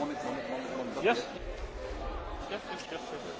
Moment, Moment, Moment, Yes. Yes, yes, yes, yes.